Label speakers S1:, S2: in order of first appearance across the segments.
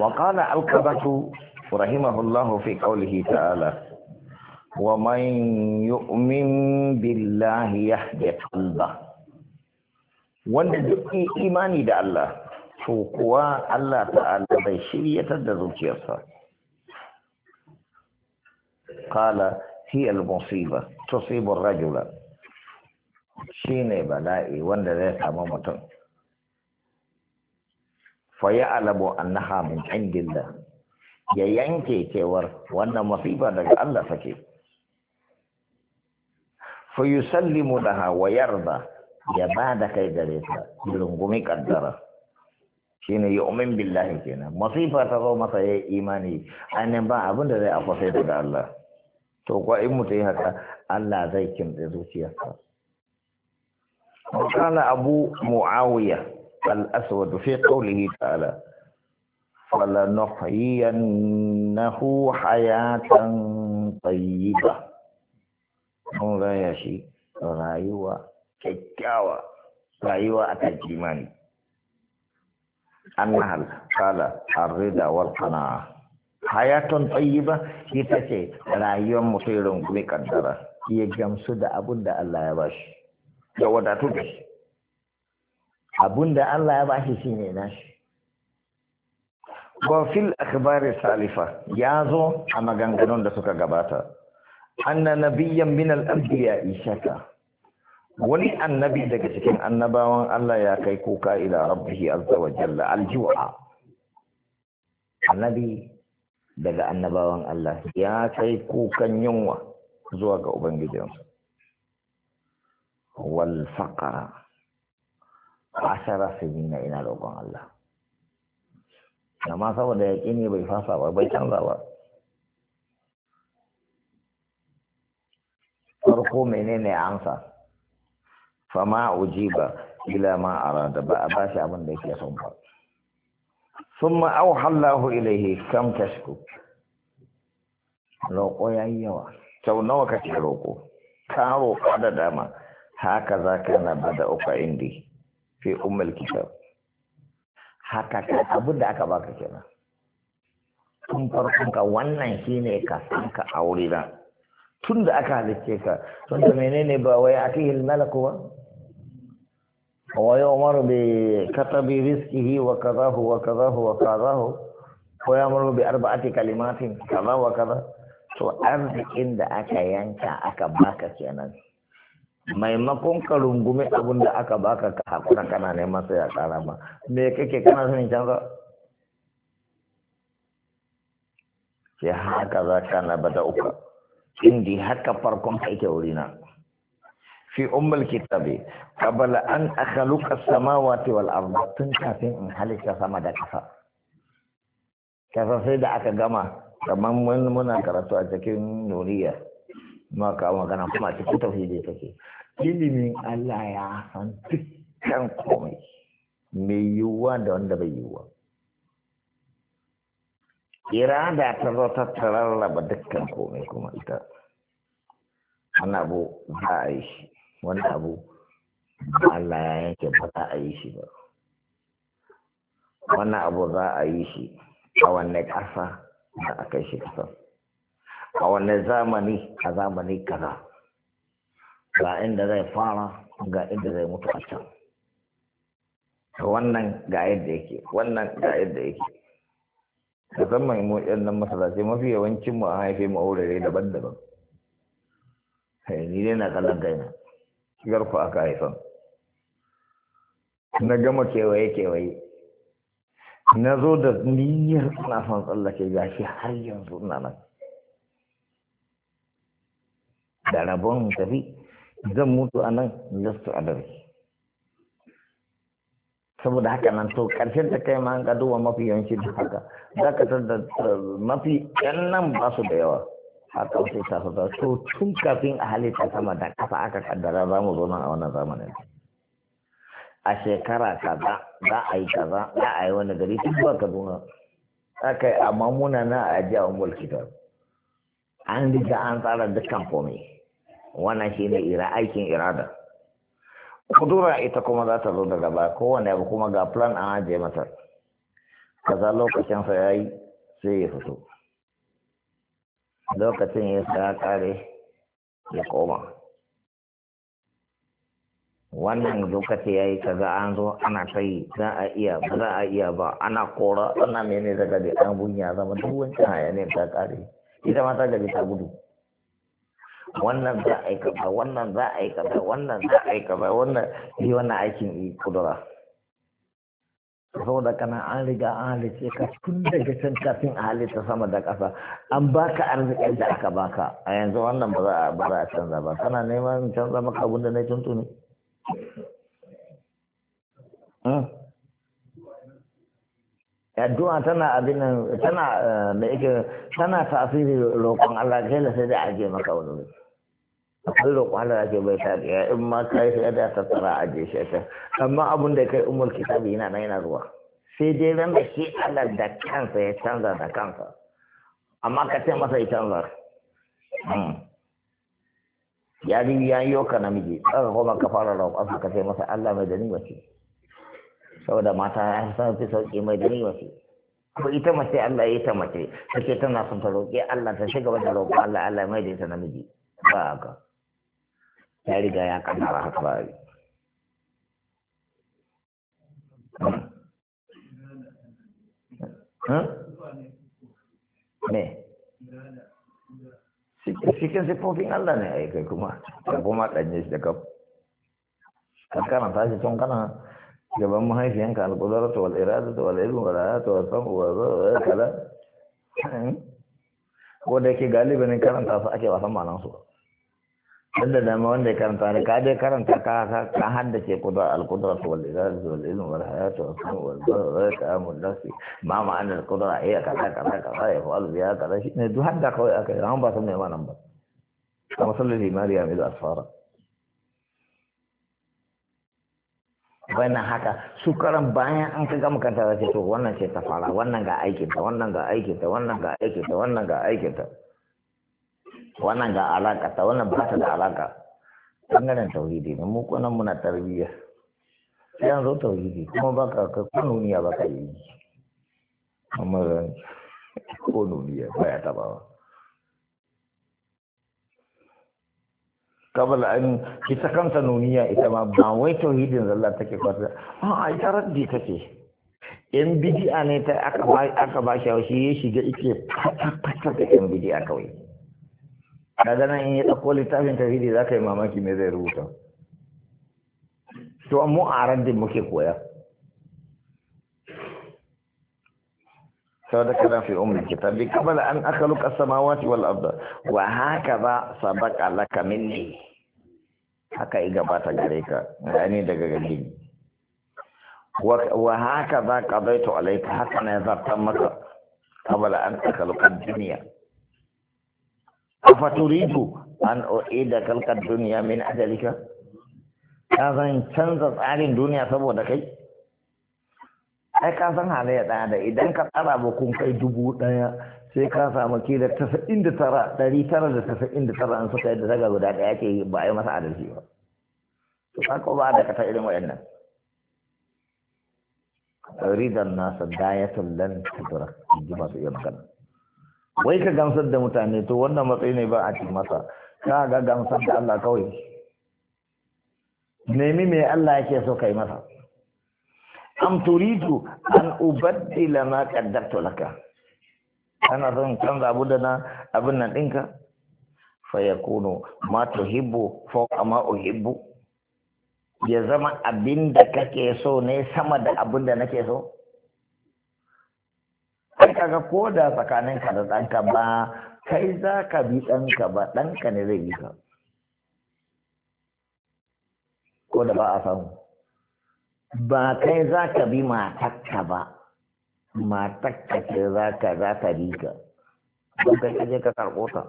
S1: وقال القبة رحمه الله في قوله تعالى ومن يؤمن بالله wanda duk imani da Allah to kuwa Allah ta'ala bai shiryatar da zuciyarsa qala hi al-musiba tusibu ar-rajula shine bala'i wanda zai samu mutum fa alamu annaha min indillah ya yanke cewar wannan masifa daga Allah take fa yusallimu laha wa yarda ya da kai gare ta rungumi kaddara shine yu'min billahi kenan masifa ta zo masa ya imani ainihin ba abin da zai afa sai daga Allah to kuwa in mutum yi haka Allah zai kimtsa zuciyarsa. Kana Abu Muawiya الأسود في قوله تعالى فلنحيينه حياة طيبة هذا يا شيء رايوة كيكاوة رايوة أتجمان النهل قال الرضا والقناعة حياة طيبة يتسي رايوة مطيرون كمي قدرة يجمسو دا أبو دا الله يباش يودا تدش abun da Allah ya bashi shi ne nashi wafil akhbari salifa ya zo a maganganun da suka gabata anna nabiyyan min al ishaka wani annabi daga cikin annabawan Allah ya kai kuka ila rabbihi azza wa jalla aljiwa annabi daga annabawan Allah ya kai kukan yunwa zuwa ga ubangijinsa wal faqara ashara na ina roƙon Allah amma saboda ya ne bai fasa ba bai canza ba farko menene ansa? fama ba, ila ma a rada ba a bashi abin da yake son ba ma au hallahu ilaihi kam tashku roƙo ya yi yawa sau nawa kake roƙo ka roƙo da dama haka za ka na bada uka indi fi ummul kitab haka ka abin da aka baka kenan tun farkon ka wannan shine ka san ka aure da tun da aka halicce ka tun da menene ba wai akihil malaku ba wa umaru bi katabi rizqihi wa kadahu wa kadahu wa kadahu wa umaru bi arba'ati kalimatin kaza wa kaza to arzikin da aka yanka aka baka kenan maimakon ka rungume abin da aka baka ka hakura kana neman sai a kara ma me kake kana son canza Ya haka za ka na bada uka indi haka farkon ka wuri wurina fi ummul kitabi qabla an akhluqa samawati wal arda tun kafin in halitta sama da kafa kafa sai da aka gama kamar muna karatu a cikin nuriya ma ka magana kuma cikin tauhidi take ilimin Allah ya san dukkan komai mai yiwuwa da wanda bai yiwuwa irada ta zo ta tararraba dukkan komai kuma ita wani abu za a yi shi wani abu Allah ya yanke ba za a yi shi ba wani abu za a yi shi a wanne ƙasa da aka yi shi ƙasa a wannan zamani a zamani kaza ga inda zai fara ga inda zai mutu a can wannan ga yadda yake wannan ga yadda yake musamman mu yan nan masallaci mafi yawancin mu a haife mu aurare daban-daban ni dai na kallon kaina shigar ku aka haifan na gama kewaye kewaye na zo da niyyar ina son tsallake gashi har yanzu ina nan da rabon tafi zan mutu a nan lastu adari saboda haka nan to karshen ta kai ma an ka mafi yawanci da haka za ka da mafi yan nan ba su da yawa a kawai ta su da to tun kafin a halitta sama da kafa aka kaddara za mu zo nan a wannan zamanin a shekara kaza za a yi kaza za a yi wani gari tun zuwa kaduna aka yi amma muna na a ajiya umar an riga an tsara dukkan komai wannan shine ira aikin irada kudura ita kuma za ta zo daga baya kowane abu kuma ga plan an ajiye mata kaza lokacin sa ya yi sai ya fito lokacin ya sa kare ya koma wannan lokaci ya yi kaza an zo ana ta yi za a iya ba za a iya ba ana kora ana mene daga da an bunya zama duk wancan hayaniyar ta kare ita ma ta gari ta gudu wannan za a yi kaza wannan za a yi kaza wannan za a yi kaza wannan yi wannan aikin kudura saboda kana an riga an halice ka tun daga can kafin a halitta sama da ƙasa an baka arzikin da aka baka a yanzu wannan ba za a ba za a canza ba kana neman canza maka abin da na tuntuni hmm? addu'a tana abin nan tana eh, da yake tana tasiri roƙon Allah kai da sai da aje maka wani Allah kwanar ake bai ta ya in ma ka yi sai da tattara a je shi ta amma abin da kai umar kitabi yana nan yana zuwa sai dai ran da shi Allah da kansa ya canza da kansa amma ka ce masa ya canza hmm. ya ni ya yi ka namiji aka kuma ka fara roƙon ka ce masa Allah mai da ni wace saboda mata ya san fi sauƙi mai da ni wace ko ita mace Allah ya ta mace take tana son ta roƙi Allah ta shiga wajen roƙo Allah Allah mai da ita namiji ba haka ya riga ya kaddara haka ba ne. ne cikin siffofin Allah ne a kuma da kuma ɗanye shi da kaf kankana ta shi tun kana gaban mahaifiyanka ta wal irada ta wal ilmu wal ayata wal samu wal kala ko da yake galibi ne karanta su ake wasan malan su dan da dama wanda ya karanta da ka dai karanta ka ka haddace kudura al-kudura wal izaz wal ilm wal hayat wal sun wal bar wa ta'amul nafsi ma ma'anar kudura iya eh, kaza kaza kaza ya fa'al biya kaza shi ne duk hadda kawai akai ran ba san me ma nan ba kama sallu limari ya mai asfara wannan haka su karan bayan an ka gama kanta za ce to wannan ce ta fara wannan ga aikinta wannan ga aikinta wannan ga aikinta wannan ga aikinta wannan ga alaka ta wannan ba ta da alaka ɓangaren tauhidi ne mu kunan muna tarbiyya sai an zo tauhidi kuma ba ka ka kununiya ba ka yi amma ran kununiya ba ya taba ba kabala an ita kanta nuniya ita ma ba wai tauhidin zalla take kwata a ita raddi take yan bidi'a ne ta aka ba shi haushi ya shiga ike fata-fata da yan bidi'a kawai kaga nan in yi ɗauko littafin tafidi za ka yi mamaki me zai rubuta to mu a raddin muke koya saboda kana fi umar kitabi kabala an akaluka samawati wal arda wa hakaza sabaqa laka minni haka i gabata gare ka gani daga gani wa hakaza qadaitu alayka haka ne zartan maka kabala an akaluka duniya afaturidu an da kalkar duniya min ajalika ka san canza tsarin duniya saboda kai ai ka san halayya ɗaya da idan ka tsara ba kun kai dubu ɗaya sai ka samu ke da tasa'in da tara ɗari tara da tasa'in da tara an suka yadda daga guda ɗaya ke ba a yi masa adalci ba to ka ko ba da ka ta irin waɗannan ridan nasa dayatul lan tudrak ji masu iya magana wai ka gamsar da mutane to wannan matsayi ne ba a ci masa ka ga gamsar da Allah kawai nemi me Allah yake so kai masa am turidu an ubaddila ma qaddartu laka Kana son kan zabu da na abin nan dinka. fa yakunu ma tuhibbu fa ma uhibbu ya zama abin da kake so ne sama da abin da nake so ai kaga ko da ka da ɗanka ba kai za ka bi ɗanka ba ɗanka ne zai yi ka ko da ba a samu ba kai za ka bi matakka ba matakka ce za ka za ta bi ka don kai kaje ka karɓo ta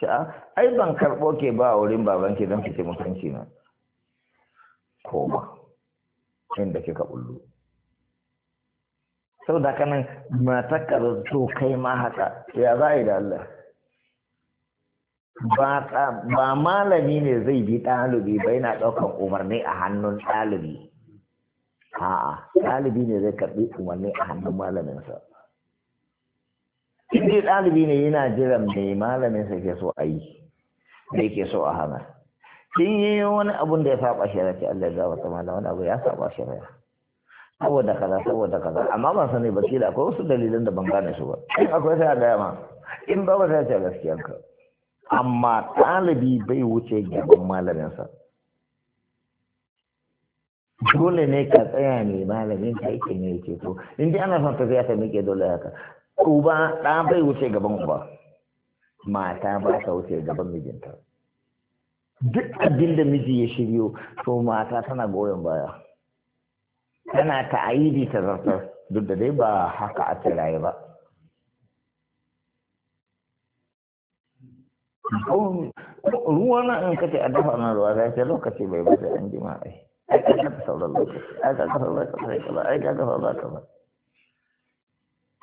S1: shi ai ban karɓo ke ba a wurin ke don ki ce mutunci na ko ba inda kika bullo sau da kanan matakar to kai ma haka ya za a yi da Allah ba malami ne zai bi ɗalibi ba yana ɗaukar umarni a hannun ɗalibi a'a ɗalibi ne zai karɓi umarni a hannun malaminsa inda ɗalibi ne yana jiran mai malaminsa ke so a yi da yake so a hana Sun yi wani abun da ya saba shirya ce Allah ya zaba ta malam wani abu ya saba shirya saboda kaza saboda kaza amma ban san ba kila akwai wasu dalilan da ban gane su ba in akwai sai a gaya ma in ba ba sai ce ka amma ɗalibi bai wuce gaban malaminsa dole ne ka tsaya ne malamin ka yake ne yake to in dai ana son tafiya ta mike dole haka uba da bai wuce gaban uba mata ba ta wuce gaban mijinta duk abin da miji ya shiryo to mata tana goyon baya tana ta'ayidi ta zartar duk da dai ba haka a tsiraye ba ruwa na in kace a dafa na ruwa za ce lokaci bai ba sai an ji ma ai ai ka kafa sauran lokaci ai ka kafa ba ka sai ba ai ka kafa ba ka ba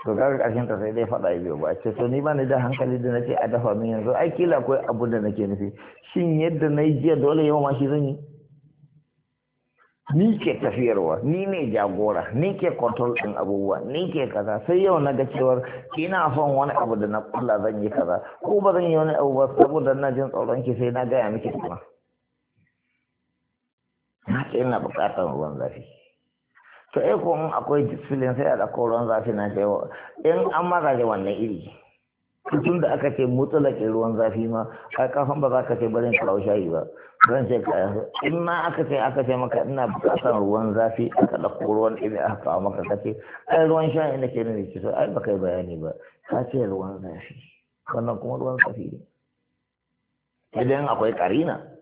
S1: to ga ƙarshen ta sai dai faɗa ya biyo ba ce to ni ba ni da hankali da nace a dafa min yanzu ai kila akwai abu da nake nufi shin yadda na yi jiya dole yau ma shi zan yi ni ke tafiyarwa ni ne jagora ni ke control ɗin abubuwa ni ke kaza sai yau na ga cewar ina son wani abu da na kula zan yi kaza ko ba zan yi wani abu ba saboda na jin tsoron ki sai na gaya miki kuma na ce ina buƙatar ruwan zafi to ai ko akwai discipline sai a da ruwan zafi na cewa in an maza ne wannan iri tun da aka ce mutsalake ruwan zafi ma a kafan ba za ka ce barin kawo shayi ba ran ce in ma aka ce aka ce maka ina bukatar ruwan zafi aka ɗauko ruwan ɗin aka kawo maka ka ce ai ruwan shayi na ke nuna so ai ba kai bayani ba ka ce ruwan zafi wannan kuma ruwan zafi ne idan akwai karina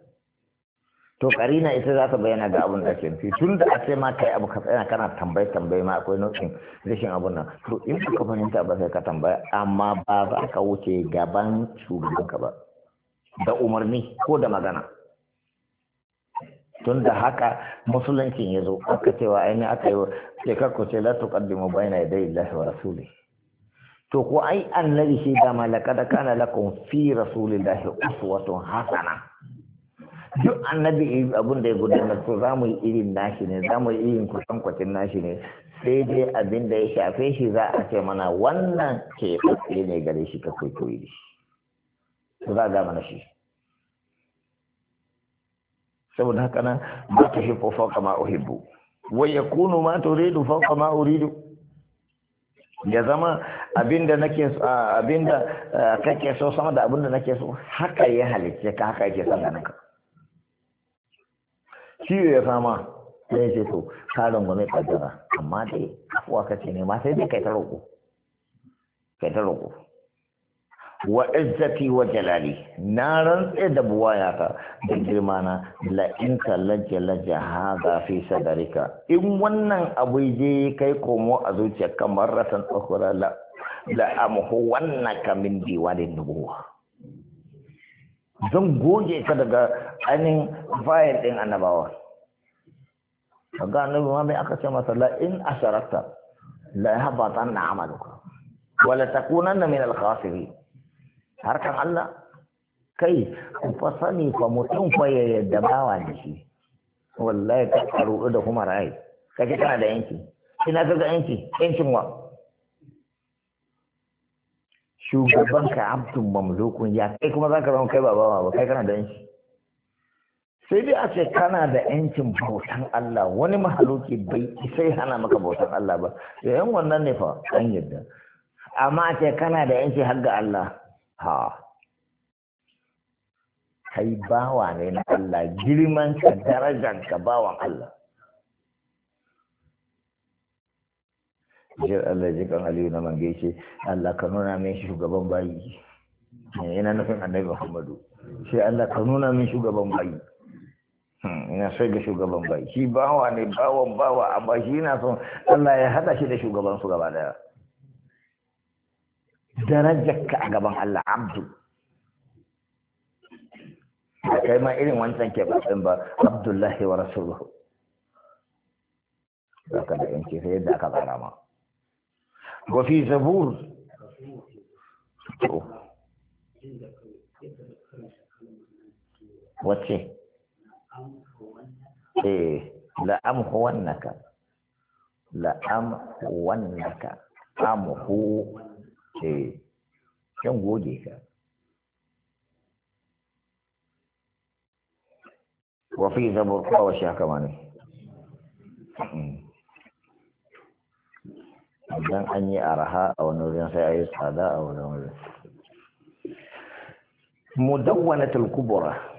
S1: to karina ita za ta bayyana ga abin da ke nufi tun da a ce ma kai abu ka tsaya kana tambaye tambaye ma akwai nau'in rashin abun nan to in ka fahimta ba sai ka tambaya amma ba za ka wuce gaban shugabanka ba da umarni ko da magana tun da haka musuluncin ya zo aka cewa ainihin aka yi ce kakku ce la tuqaddimu bayna yaday Allahi wa rasuli to ko ai annabi shi dama laqad kana lakum fi rasulillahi uswatun hasana duk annabi abin da ya gudanar to za mu yi irin nashi ne za mu yi irin kusan kwacin nashi ne sai dai abin da ya shafe shi za a ce mana wannan ke ɓaɓɓe ne gare shi ka koyi da shi to za a ga mana shi saboda haka nan ba ta shi fofo ma uhibbu wai ya kunu ma redu fofo ma uridu ya zama abinda nake da eh, kake so sama da abinda nake so haka ya halicce ka haka yake son ganin ka ciwo ya fama sai ce to ka gwame kaddara amma dai afuwa kace ne ma sai dai kai ta roƙo kai ta roƙo wa izzati wa jalali na rantse da buwayata da girmana la in kallaja ha ga fi sadarika in wannan abu je kai komo a zuciya kamar rasan tsakura la la amhu wannaka min diwalin nubuwa zan goge ka daga ainihin fayil ɗin annabawa Ga annabi ma mai aka ce masa la in asharakta la yahbatanna amaluka wala na min alkhasiri. harkan Allah kai ku fa sani fa mutum fa ya yadda bawa da shi wallahi ka karu da kuma rai Kake kana da yanki ina ga yanki yankin wa shugaban ka abdun mamlukun ya kai kuma zaka zama kai baba ba kai kana da yanci sai dai a ce kana da yancin bautan Allah wani mahaluki bai sai hana maka bautan Allah ba yayin wannan ne fa an yadda amma a ce kana da yanci har ga Allah ha kai bawa ne na Allah girman ka darajan ka bawan Allah jir Allah ji kan Aliyu na man Allah ka nuna min shugaban bayi eh, ina nufin annabi Muhammadu shi Allah ka nuna min shugaban bayi hmm, ina sai ga shugaban bayi shi bawa ne bawan bawa amma shi na son Allah ya hada shi da shugaban su gaba daya darajarka a gaban Allah abdu da kai ma irin wancan ke batsin ba abdullahi wa rasuluhu za ka da yanke sai yadda aka tsara ma وفي زبور وتي ايه لأمهونك ام هو ايه كم وجهك وفي زبور قوة شاكماني idan an yi araha a wani wurin sai a yi tsada a wani wurin mudawwanatul kubra